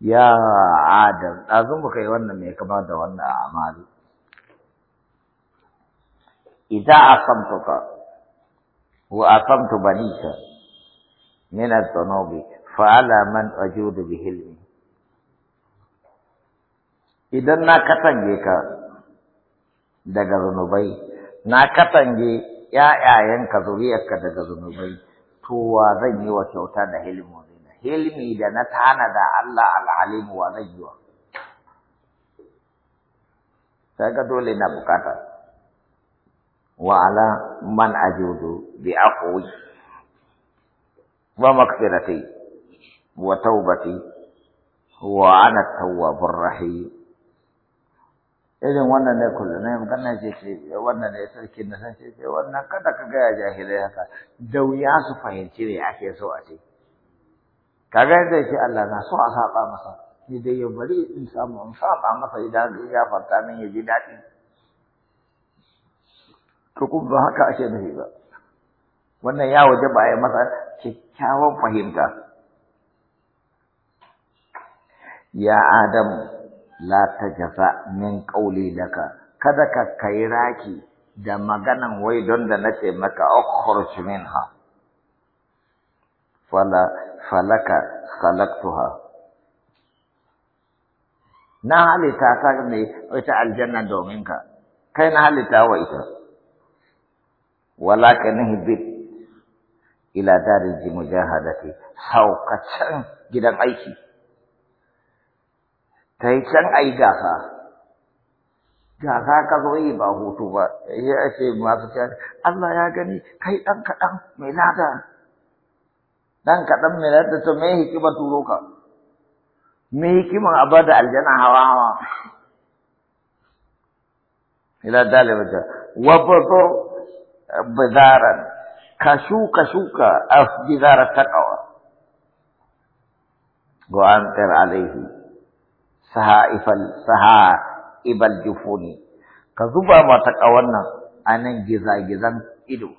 ya adam ɗazun ba kai wannan mai kama da wannan amali amalu idza asamtuka wa asamtu banika min adh-dhunubi fa ala man ajudu bi hilmi idan na katange ka daga zunubai na katange ƴaƴayenka zuriyarka daga zunubai to wa zan yi wa kyauta da hilmin ilmi da na tana da Allah al'alimu wa zai yiwa. Sai ga dole na bukata. Wa ala man ajudu bi akwai. Ba maghfirati wa taubati wa ana tawwabur burrahi. Irin wannan ne kullum ne magana ce ce wannan ne sarki na san ce ce wannan kada ka gaya jahilai haka da wuya su fahimci ne ake so a ce. kaga da shi Allah na so a saba masa ni dai ya bari in samu in saba masa idan ya farta min ya ji daɗi to kun ba haka ake nufi ba wannan ya waje ba ya masa kyakkyawan fahimta ya adam la tajza min qawli laka kada ka kai raki da maganan wai don da nace maka ukhruj minha fala falaka khalaqtuha na halitta ta ne ita aljanna domin ka kai na halitta wa ita walaka nahbit ila ji mujahadati haukatan gidan aiki kai can ai gafa gafa ka zo yi ba hutu ba ya ce masu Allah ya gani kai ɗan kaɗan mai lada dan kaɗan mai da to me hikima turo ka me hikima a bada aljana hawa hawa ila dalibata wa badur bidaran ka shuka shuka af bidara taqwa wa antar alaihi sahaifal sahaibal jufuni ka zuba mata kawannan anan gizagizan ido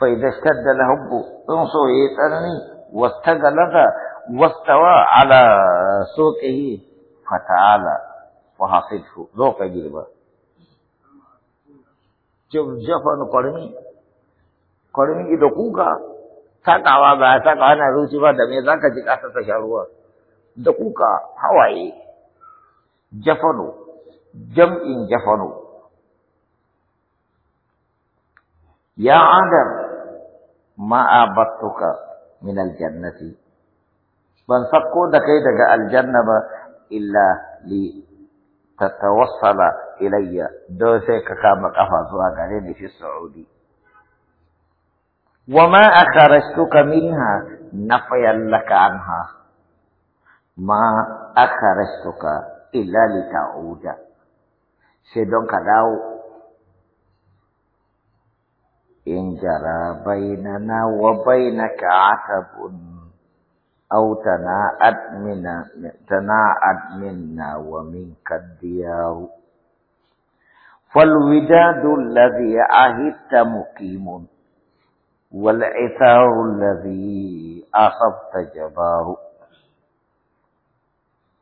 فإذا اشتد الهب انصر يترني واستغلظ واستوى على سوقه فتعالى وحصده ذوق جربا jafanu kwarmi kwarmi da kuka takawa ba ta ana zuci ba da me zaka ji kasa ta sharuwa da kuka hawaye jafanu jam'in jafanu ya adar ma'abattuka min aljannati ban sakko da kai daga aljanna ba illa li tatawassala ilayya do sai ka kama kafa zuwa gare ni fi saudi wa ma akharajtuka minha nafayan laka anha ma akharajtuka illa li ta'uda sai don ka dawo in jara bainana wa bainaka atabun aw tana'at minna tana'at minna wa min kadiyau fal widadu alladhi ahitta muqimun wal itharu alladhi asabta jabaru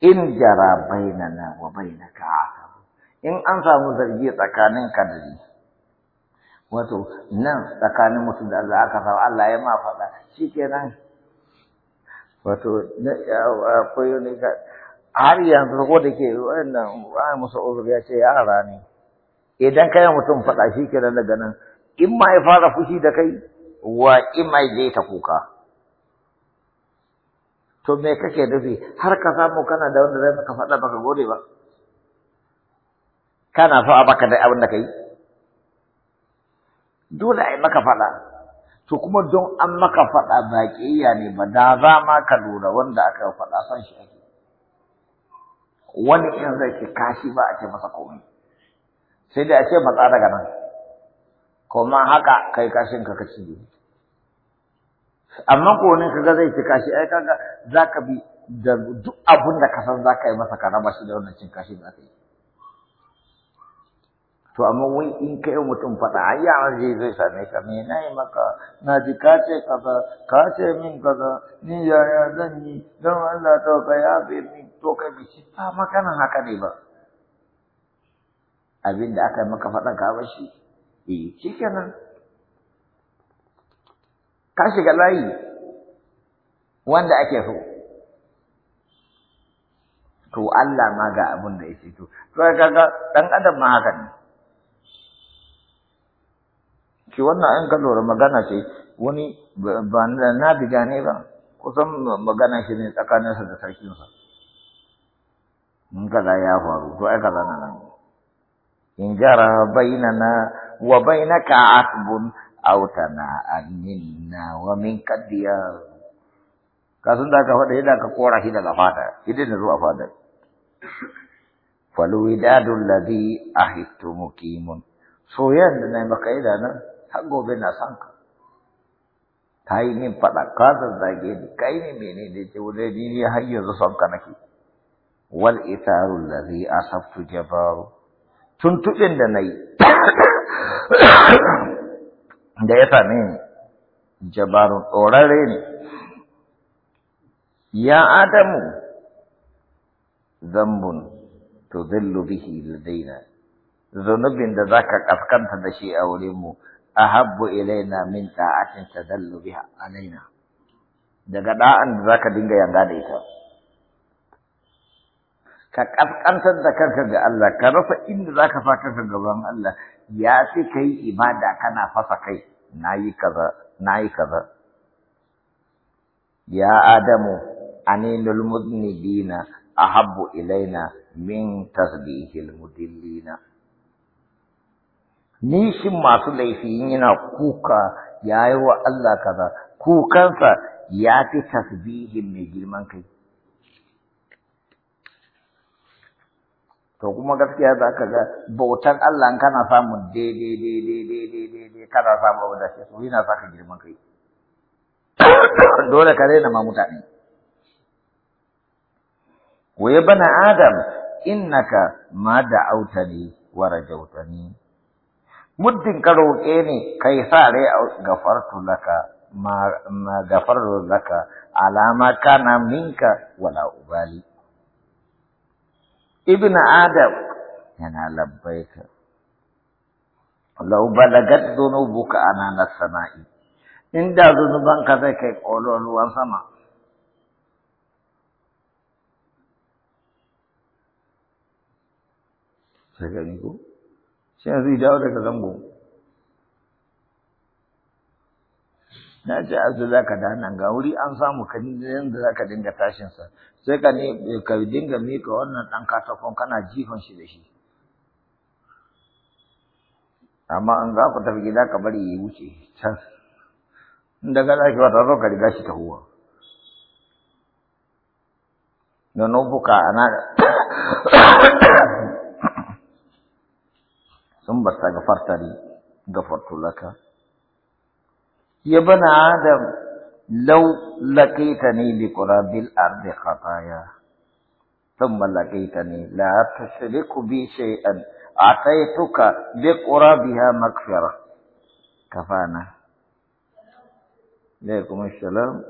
in jara na wa bainaka in an samu zargi tsakanin da wato nan tsakanin mutum da Allah aka sa Allah ya ma faɗa shi kenan wato akwai ne ka har yanzu ko da ke wannan ai musa uzur ya ce yara ne idan kai mutum faɗa shi kenan daga nan in ma ya fara fushi da kai wa in ma ya ta kuka to me kake dafi har ka samu kana da wanda zai maka faɗa baka gode ba kana fa'a baka da abin da kai dole ai maka faɗa to kuma don an maka faɗa ba ƙiyya ne ba da za ma ka lura wanda aka faɗa son shi ake wani in zai ce kashi ba a ce masa komai sai dai a ce matsa daga nan kuma haka kai kashin ka kaci ne amma ko ne kaga zai ci kashi ai kaga zaka bi da duk abun da ka san zaka yi masa ka shi da wannan cin kashi zaka yi to amma wai in yi mutum faɗa ai yaran zai zai same ka me na yi maka na ji ka ce kaza ka ce min kaza ni yaya zan yi don Allah to ka fi min to ka bi shi ba maganan haka ne ba abin da aka yi maka faɗa ka ba shi eh kenan. ka shiga layi wanda ake so to Allah ma ga abin da ya ce to to kaga dan adam ma haka ne shi wannan an kalora magana ce wani ba na diga ne ba kusan magana shi ne tsakaninsa da sarkinsa in kaza ya faru to ai kaza na nan in jara bainana wa bainaka asbun aw tana'an minna wa min kadiya ka sun da ka faɗa yadda ka kora shi daga fata idan da zuwa fata falwidadul ladhi ahittu muqimun soyayya da na maka idanan har gobe na san ka ta yi min faɗa ka zazzage ni kai ne mene ne ce wani ni har yanzu son ka nake wal itaru a asabtu jabaru tuntuɓin da na yi da ya same ni jabarun tsorare ne ya adamu zambun to zillu bihi ladaina zunubin da zaka kaskanta da shi a wurinmu mu ahabbu ilaina min ta'atin tadallu biha alaina daga da'an da zaka dinga yanga da ita ka kaskantar da kanka ga Allah ka rasa inda zaka fata ga gaban Allah ya fi kai ibada kana fasa kai nayi kaza nayi kaza ya adamu aninul mudnibina ahabbu ilaina min tasbihil mudillina nishin masu laifi yana kuka ya yi wa Allah kaza kukansa ya fi tasbihin mai girman kai to kuma gaskiya za ka ga bautan Allah kana samun daidai daidai daidai daidai kana samun da shi so yana saka girman kai dole ka daina ma mutane wa bana adam innaka ma da'autani wa rajautani muddin ka roƙe ni kai sa rai gafartu laka ma gafartu laka alama kana minka wala ubali ibn adam yana labbaika law balagat dhunubuka anana sama'i inda zunuban ka zai kai kololuwan sama Saya gani ko shi zai dawo daga zango na ce azu za ka da nan ga wuri an samu ka da za ka dinga tashinsa sai ka ne ka dinga mika wannan ɗan katakon kana jifan shi da shi amma an za ku tafi gida ka bari ya wuce can inda ga ki wata zo ka riga shi nonon da a na ثم استغفرت لي غفرت لك يا بن آدم لو لقيتني بقراب الأرض خطايا ثم لقيتني لا تشرك بي شيئا أعطيتك بقرابها مغفرة كفانا عليكم السلام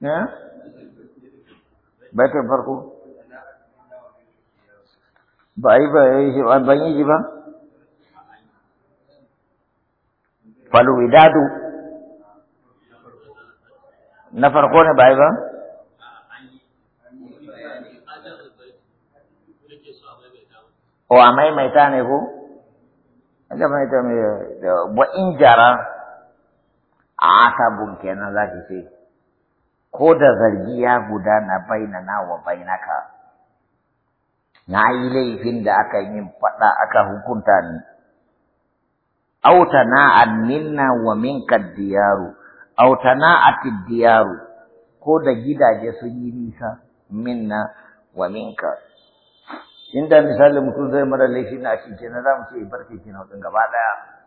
eh baitin farko ba yi ba yi shi ban yi shi ba falwidadu na farko ne ba yi ba o oh, a maimaita ne ko da maimaita mai da wa in jara a ah, asabun kenan za ki ce ko da zargi ya gudana na wa bainaka na yi laifin da aka yi faɗa aka hukunta ni autana minna wa minka diyaru autana ati diyaru ko da gidaje sun yi nisa minna wa minka inda misali mutum zai mara laifi na shi kenan za mu ce barke kenan gaba daya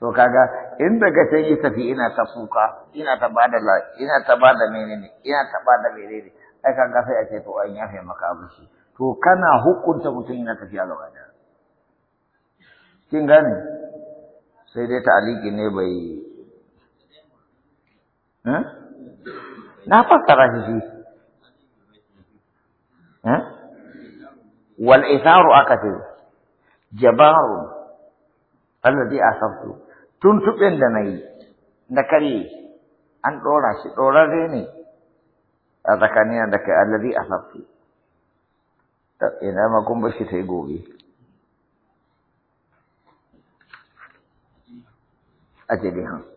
to kaga in daga ce yi tafi ina ta kuka ina ta bada la ina ta bada menene ina ta bada menene ai kaga sai a ce to an yafe maka abu shi to kana hukunta mutum ina tafiya gaba da kin gane sai dai ta'aliki ne bai eh na fassara shi eh wal itharu akati jabarun alladhi asabtu tuntuɓen da nayi da kare an ɗora shi ɗorarre ne a tsakanina da kai alladhi asabtu ina ma kun bashi shi sai gobe a jibihan